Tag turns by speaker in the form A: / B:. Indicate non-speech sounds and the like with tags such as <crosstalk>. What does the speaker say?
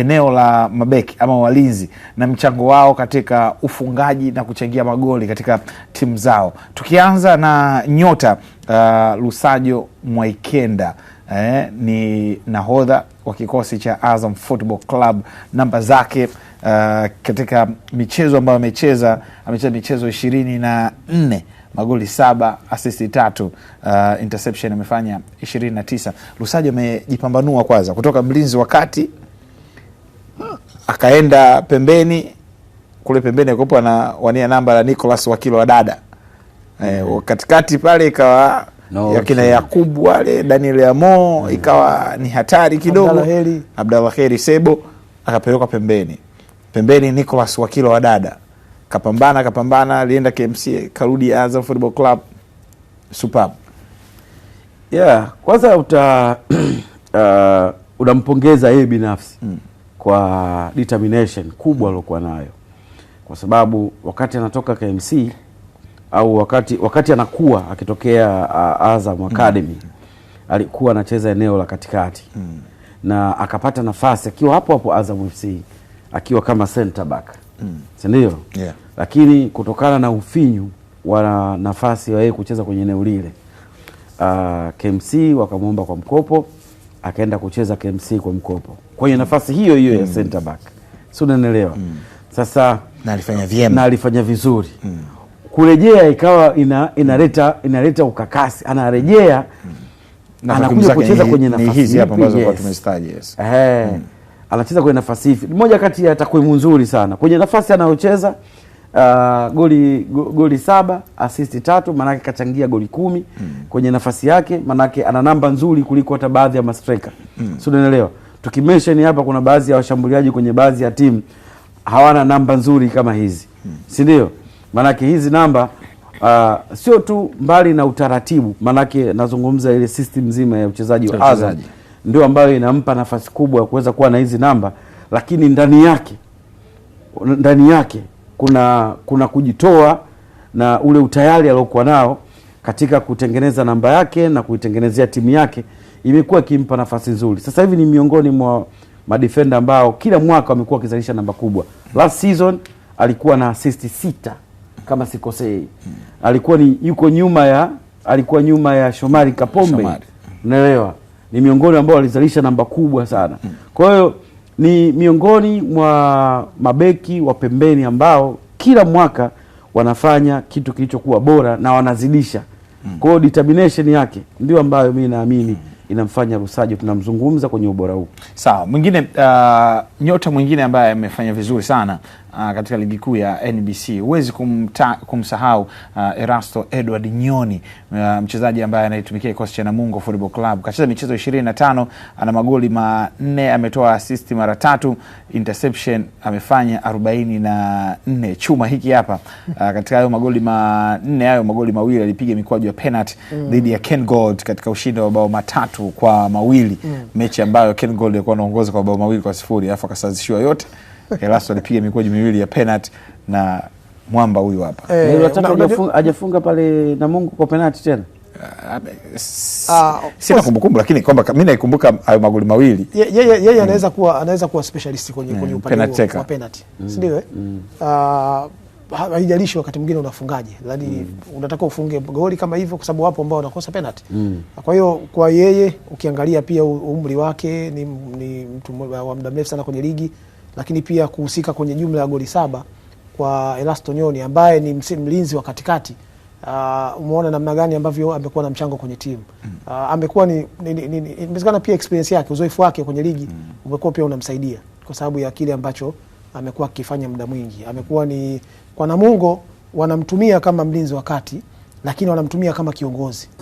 A: eneo la mabeki ama walinzi na mchango wao katika ufungaji na kuchangia magoli katika timu zao, tukianza na nyota uh, Lusajo Mwaikenda eh, ni nahodha wa kikosi cha Azam Football Club. Namba zake uh, katika michezo ambayo amecheza amecheza michezo ishirini na nne magoli saba asisti tatu, uh, interception amefanya ishirini na tisa. Lusajo amejipambanua kwanza kutoka mlinzi wa kati akaenda pembeni kule pembeni akopo na wania namba la Nicolas Wakilo wa dada e, katikati pale ikawa no, yakina okay. Yakubu wale Daniel Amo mm. ikawa ni hatari kidogo. Abdallah Heri Sebo akapelekwa pembeni pembeni, Nicolas Wakilo wa dada kapambana kapambana, alienda KMC karudi Azam Football Club superb.
B: Yeah, kwanza uta <clears throat> uh, unampongeza yeye binafsi mm kwa determination kubwa aliyokuwa nayo, kwa sababu wakati anatoka KMC au wakati, wakati anakuwa akitokea uh, Azam Academy mm. alikuwa anacheza eneo la katikati mm. na akapata nafasi akiwa hapo hapo Azam FC akiwa kama center back mm. si ndio? yeah. Lakini kutokana na ufinyu wa nafasi wa yeye kucheza kwenye eneo lile uh, KMC wakamwomba kwa mkopo, akaenda kucheza KMC kwa mkopo mm kwenye nafasi hiyo hiyo mm. ya center back, si unanielewa? mm. Sasa
A: na alifanya vyema
B: na alifanya vizuri mm. kurejea ikawa ina, inaleta inaleta ukakasi, anarejea
A: mm. anakuja kucheza kwenye nafasi hizi hapa ambazo kwa tumestaji yes.
B: Eh, mm. anacheza kwenye nafasi hivi, moja kati ya takwimu nzuri sana kwenye nafasi anayocheza Uh, goli goli saba asisti tatu, maanake kachangia goli kumi mm. kwenye nafasi yake, maanake ana namba nzuri kuliko hata baadhi ya mastreka mm. si unaelewa? tukimensheni hapa, kuna baadhi ya washambuliaji kwenye baadhi ya timu hawana namba nzuri kama hizi, hmm. sindio Maanake hizi namba uh, sio tu mbali na utaratibu, maanake nazungumza ile system nzima ya uchezaji wa aza ndio ambayo inampa nafasi kubwa ya kuweza kuwa na hizi namba, lakini ndani yake ndani yake kuna kuna kujitoa na ule utayari aliokuwa nao katika kutengeneza namba yake na kuitengenezea timu yake imekuwa ikimpa nafasi nzuri. Sasa hivi ni miongoni mwa madefenda ambao kila mwaka wamekuwa wakizalisha namba kubwa. Last season alikuwa na assist sita kama sikosei, alikuwa ni yuko nyuma ya alikuwa nyuma ya Shomari Kapombe, unaelewa, ni miongoni ambao walizalisha namba kubwa sana. Kwa hiyo ni miongoni mwa mabeki wa pembeni ambao kila mwaka wanafanya kitu kilichokuwa bora na wanazidisha. Mm. Kwa hiyo determination yake ndio ambayo mi naamini mm inamfanya rusaji tunamzungumza kwenye ubora huu.
A: Sawa, mwingine uh, nyota mwingine ambaye amefanya vizuri sana uh, katika ligi kuu ya NBC. Huwezi kumsahau uh, Erasto Edward Nyoni uh, mchezaji ambaye anaitumikia kikosi cha Namungo Football Club. Kacheza michezo 25, ana magoli manne, ametoa assist mara tatu, interception amefanya 44. Chuma hiki hapa uh, <laughs> katika hayo magoli manne hayo magoli mawili alipiga mikwaju ya penalty mm. dhidi mm. ya Ken Gold katika ushindi wa bao matatu kwa mawili mm. mechi ambayo Ken Gold alikuwa anaongoza kwa bao mawili kwa sifuri alafu akasazishiwa yote <laughs> Elasto alipiga mikoji miwili ya penat na mwamba huyu hapa
B: eh, hajafunga pale Mungu kwa penalty tena. Ah, ah, sina kumbukumbu lakini kwamba mimi naikumbuka hayo magoli mawili. Yeye mm. anaweza kuwa anaweza kuwa specialist kwenye kwenye mm, upande wa penalty. Mm. Si ndio? Eh? Ah, haijalishi wakati mwingine unafungaje, yaani mm. unataka ufunge goli kama hivyo, kwa sababu wapo ambao wanakosa penalty. Kwa hiyo kwa yeye ukiangalia pia umri wake ni, ni mtu wa muda mrefu sana kwenye ligi lakini pia kuhusika kwenye jumla ya goli saba kwa Erasto ambaye ni mlinzi wa katikati. Uh, umeona namna gani ambavyo amekuwa na mchango kwenye timu uh, amekuwa ni, ni, ni, ni, pia experience yake uzoefu wake kwenye ligi mm. umekuwa pia unamsaidia kwa sababu ya kile ambacho amekuwa akifanya muda mwingi. Amekuwa ni kwa Namungo wanamtumia kama mlinzi wa kati, lakini wanamtumia kama kiongozi